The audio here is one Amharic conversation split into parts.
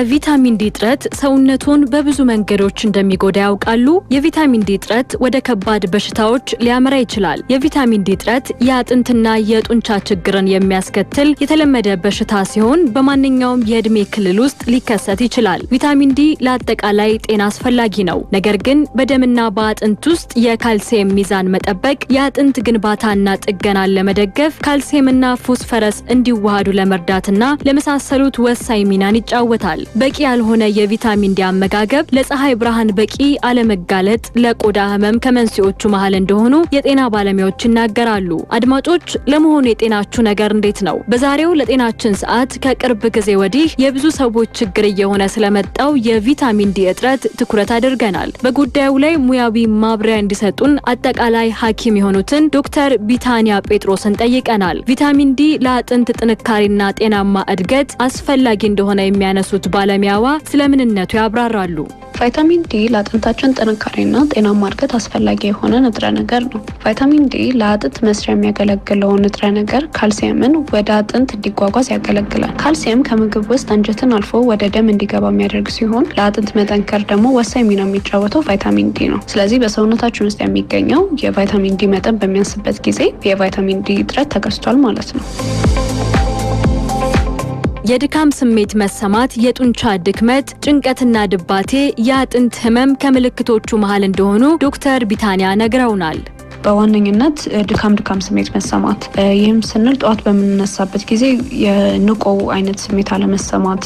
የቪታሚን ዲ እጥረት ሰውነቱን በብዙ መንገዶች እንደሚጎዳ ያውቃሉ? የቪታሚን ዲ እጥረት ወደ ከባድ በሽታዎች ሊያመራ ይችላል። የቪታሚን ዲ እጥረት የአጥንትና የጡንቻ ችግርን የሚያስከትል የተለመደ በሽታ ሲሆን በማንኛውም የዕድሜ ክልል ውስጥ ሊከሰት ይችላል። ቪታሚን ዲ ለአጠቃላይ ጤና አስፈላጊ ነው። ነገር ግን በደምና በአጥንት ውስጥ የካልሲየም ሚዛን መጠበቅ የአጥንት ግንባታና ጥገናን ለመደገፍ ካልሲየምና ፎስፈረስ እንዲዋሃዱ ለመርዳትና ለመሳሰሉት ወሳኝ ሚናን ይጫወታል። በቂ ያልሆነ የቪታሚን ዲ አመጋገብ፣ ለፀሐይ ብርሃን በቂ አለመጋለጥ ለቆዳ ህመም ከመንስኤዎቹ መሀል እንደሆኑ የጤና ባለሙያዎች ይናገራሉ። አድማጮች፣ ለመሆኑ የጤናችሁ ነገር እንዴት ነው? በዛሬው ለጤናችን ሰዓት ከቅርብ ጊዜ ወዲህ የብዙ ሰዎች ችግር እየሆነ ስለመጣው የቪታሚን ዲ እጥረት ትኩረት አድርገናል። በጉዳዩ ላይ ሙያዊ ማብሪያ እንዲሰጡን አጠቃላይ ሐኪም የሆኑትን ዶክተር ቢታንያ ጴጥሮስን ጠይቀናል። ቪታሚን ዲ ለአጥንት ጥንካሬና ጤናማ እድገት አስፈላጊ እንደሆነ የሚያነሱት ባለሙያዋ ስለምንነቱ ያብራራሉ። ቫይታሚን ዲ ለአጥንታችን ጥንካሬና ጤናማ እድገት አስፈላጊ የሆነ ንጥረ ነገር ነው። ቫይታሚን ዲ ለአጥንት መስሪያ የሚያገለግለውን ንጥረ ነገር ካልሲየምን ወደ አጥንት እንዲጓጓዝ ያገለግላል። ካልሲየም ከምግብ ውስጥ አንጀትን አልፎ ወደ ደም እንዲገባ የሚያደርግ ሲሆን ለአጥንት መጠንከር ደግሞ ወሳኝ ሚና የሚጫወተው ቫይታሚን ዲ ነው። ስለዚህ በሰውነታችን ውስጥ የሚገኘው የቫይታሚን ዲ መጠን በሚያንስበት ጊዜ የቫይታሚን ዲ እጥረት ተከስቷል ማለት ነው። የድካም ስሜት መሰማት፣ የጡንቻ ድክመት፣ ጭንቀትና ድባቴ፣ የአጥንት ህመም ከምልክቶቹ መሃል እንደሆኑ ዶክተር ቢታንያ ነግረውናል። በዋነኝነት ድካም ድካም ስሜት መሰማት፣ ይህም ስንል ጠዋት በምንነሳበት ጊዜ የንቆ አይነት ስሜት አለመሰማት፣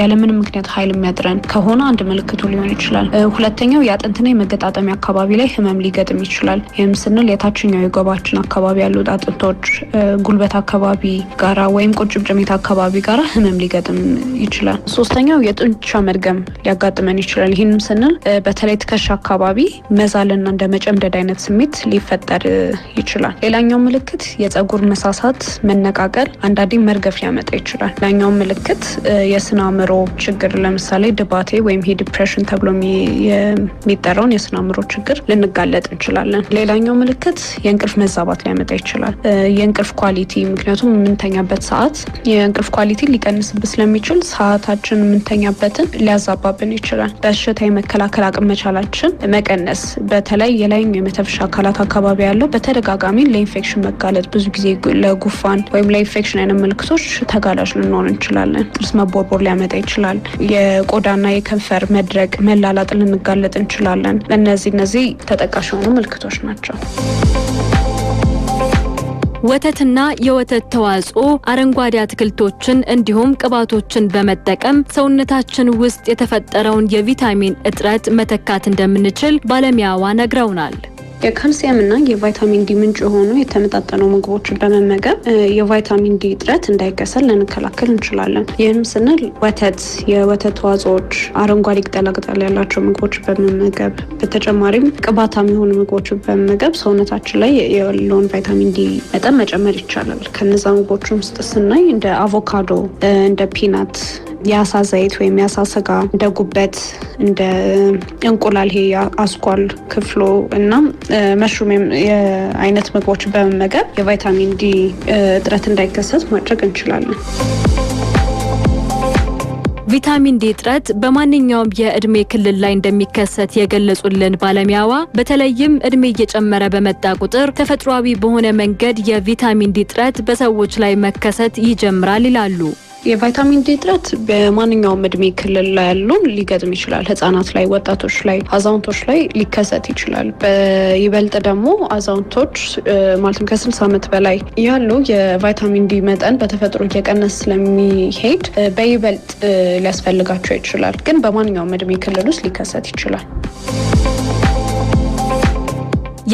ያለምንም ምክንያት ኃይል የሚያጥረን ከሆነ አንድ ምልክቱ ሊሆን ይችላል። ሁለተኛው የአጥንትና የመገጣጠሚያ አካባቢ ላይ ህመም ሊገጥም ይችላል። ይህም ስንል የታችኛው የጓባችን አካባቢ ያሉት አጥንቶች ጉልበት አካባቢ ጋራ ወይም ቁጭምጭሚት አካባቢ ጋራ ህመም ሊገጥም ይችላል። ሶስተኛው የጡንቻ መድገም ሊያጋጥመን ይችላል። ይህንም ስንል በተለይ ትከሻ አካባቢ መዛልና እንደ መጨምደድ አይነት ስሜት ሊፈጠር ይችላል። ሌላኛው ምልክት የፀጉር መሳሳት፣ መነቃቀል፣ አንዳንዴ መርገፍ ሊያመጣ ይችላል። ሌላኛው ምልክት የስነ አእምሮ ችግር ለምሳሌ ድባቴ ወይም ሄ ዲፕሬሽን ተብሎ የሚጠራውን የስነ አእምሮ ችግር ልንጋለጥ እንችላለን። ሌላኛው ምልክት የእንቅልፍ መዛባት ሊያመጣ ይችላል። የእንቅልፍ ኳሊቲ ምክንያቱም የምንተኛበት ሰዓት የእንቅልፍ ኳሊቲ ሊቀንስብ ስለሚችል ሰዓታችን የምንተኛበትን ሊያዛባብን ይችላል። በሽታ የመከላከል አቅም መቻላችን መቀነስ በተለይ የላይኛው የመተንፈሻ አካላት አካባቢ ያለው በተደጋጋሚ ለኢንፌክሽን መጋለጥ ብዙ ጊዜ ለጉፋን ወይም ለኢንፌክሽን አይነት ምልክቶች ተጋላጭ ልንሆን እንችላለን። ጥርስ መቦርቦር ሊያመጣ ይችላል። የቆዳና የከንፈር መድረቅ፣ መላላጥ ልንጋለጥ እንችላለን። እነዚህ እነዚህ ተጠቃሽ የሆኑ ምልክቶች ናቸው። ወተትና የወተት ተዋጽኦ አረንጓዴ አትክልቶችን እንዲሁም ቅባቶችን በመጠቀም ሰውነታችን ውስጥ የተፈጠረውን የቪታሚን እጥረት መተካት እንደምንችል ባለሙያዋ ነግረውናል። የካልሲየም እና የቫይታሚን ዲ ምንጭ የሆኑ የተመጣጠኑ ምግቦችን በመመገብ የቫይታሚን ዲ እጥረት እንዳይከሰል ልንከላከል እንችላለን። ይህም ስንል ወተት፣ የወተት ተዋጽኦዎች፣ አረንጓዴ ቅጠላቅጠል ያላቸው ምግቦች በመመገብ በተጨማሪም ቅባታም የሆኑ ምግቦችን በመመገብ ሰውነታችን ላይ ያለውን ቫይታሚን ዲ መጠን መጨመር ይቻላል። ከነዛ ምግቦች ውስጥ ስናይ እንደ አቮካዶ፣ እንደ ፒናት የአሳ ዘይት ወይም የአሳ ስጋ፣ እንደ ጉበት፣ እንደ እንቁላል ይሄ አስኳል ክፍሎ እና መሽሩም የአይነት ምግቦች በመመገብ የቫይታሚን ዲ እጥረት እንዳይከሰት ማድረግ እንችላለን። ቪታሚን ዲ እጥረት በማንኛውም የእድሜ ክልል ላይ እንደሚከሰት የገለጹልን ባለሙያዋ በተለይም እድሜ እየጨመረ በመጣ ቁጥር ተፈጥሯዊ በሆነ መንገድ የቪታሚን ዲ እጥረት በሰዎች ላይ መከሰት ይጀምራል ይላሉ። የቫይታሚን ዲ እጥረት በማንኛውም እድሜ ክልል ላይ ያሉን ሊገጥም ይችላል። ህጻናት ላይ፣ ወጣቶች ላይ፣ አዛውንቶች ላይ ሊከሰት ይችላል። በይበልጥ ደግሞ አዛውንቶች ማለትም ከ60 ዓመት በላይ ያሉ የቫይታሚን ዲ መጠን በተፈጥሮ እየቀነስ ስለሚሄድ በይበልጥ ሊያስፈልጋቸው ይችላል። ግን በማንኛውም እድሜ ክልል ውስጥ ሊከሰት ይችላል።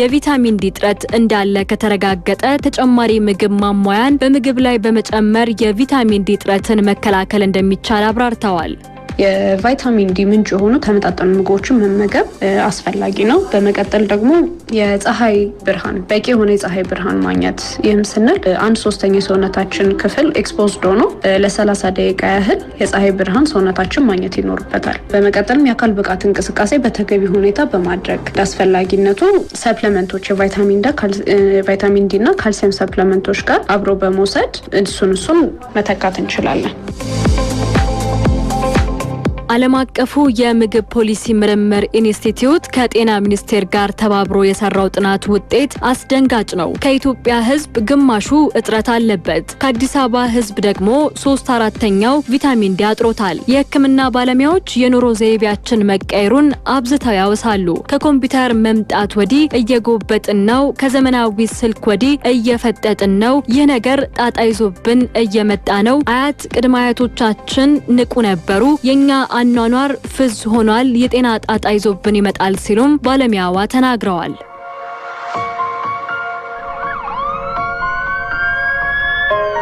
የቪታሚን ዲ እጥረት እንዳለ ከተረጋገጠ ተጨማሪ ምግብ ማሟያን በምግብ ላይ በመጨመር የቪታሚን ዲ እጥረትን መከላከል እንደሚቻል አብራርተዋል። የቫይታሚን ዲ ምንጭ የሆኑ ተመጣጠኑ ምግቦችን መመገብ አስፈላጊ ነው። በመቀጠል ደግሞ የፀሐይ ብርሃን በቂ የሆነ የፀሐይ ብርሃን ማግኘት። ይህም ስንል አንድ ሶስተኛ የሰውነታችን ክፍል ኤክስፖዝድ ሆኖ ለ30 ደቂቃ ያህል የፀሐይ ብርሃን ሰውነታችን ማግኘት ይኖርበታል። በመቀጠልም የአካል ብቃት እንቅስቃሴ በተገቢ ሁኔታ በማድረግ አስፈላጊነቱ ሰፕለመንቶች የቫይታሚን ዲ እና ካልሲየም ሰፕለመንቶች ጋር አብሮ በመውሰድ እሱን እሱን መተካት እንችላለን። ዓለም አቀፉ የምግብ ፖሊሲ ምርምር ኢንስቲትዩት ከጤና ሚኒስቴር ጋር ተባብሮ የሰራው ጥናት ውጤት አስደንጋጭ ነው። ከኢትዮጵያ ሕዝብ ግማሹ እጥረት አለበት። ከአዲስ አበባ ሕዝብ ደግሞ ሶስት አራተኛው ቪታሚን ዲ አጥሮታል። የሕክምና ባለሙያዎች የኑሮ ዘይቤያችን መቀየሩን አብዝተው ያወሳሉ። ከኮምፒውተር መምጣት ወዲህ እየጎበጥን ነው። ከዘመናዊ ስልክ ወዲህ እየፈጠጥን ነው። ይህ ነገር ጣጣ ይዞብን እየመጣ ነው። አያት ቅድመ አያቶቻችን ንቁ ነበሩ። የኛ አኗኗር ፍዝ ሆኗል፣ የጤና ጣጣ ይዞብን ይመጣል ሲሉም ባለሙያዋ ተናግረዋል።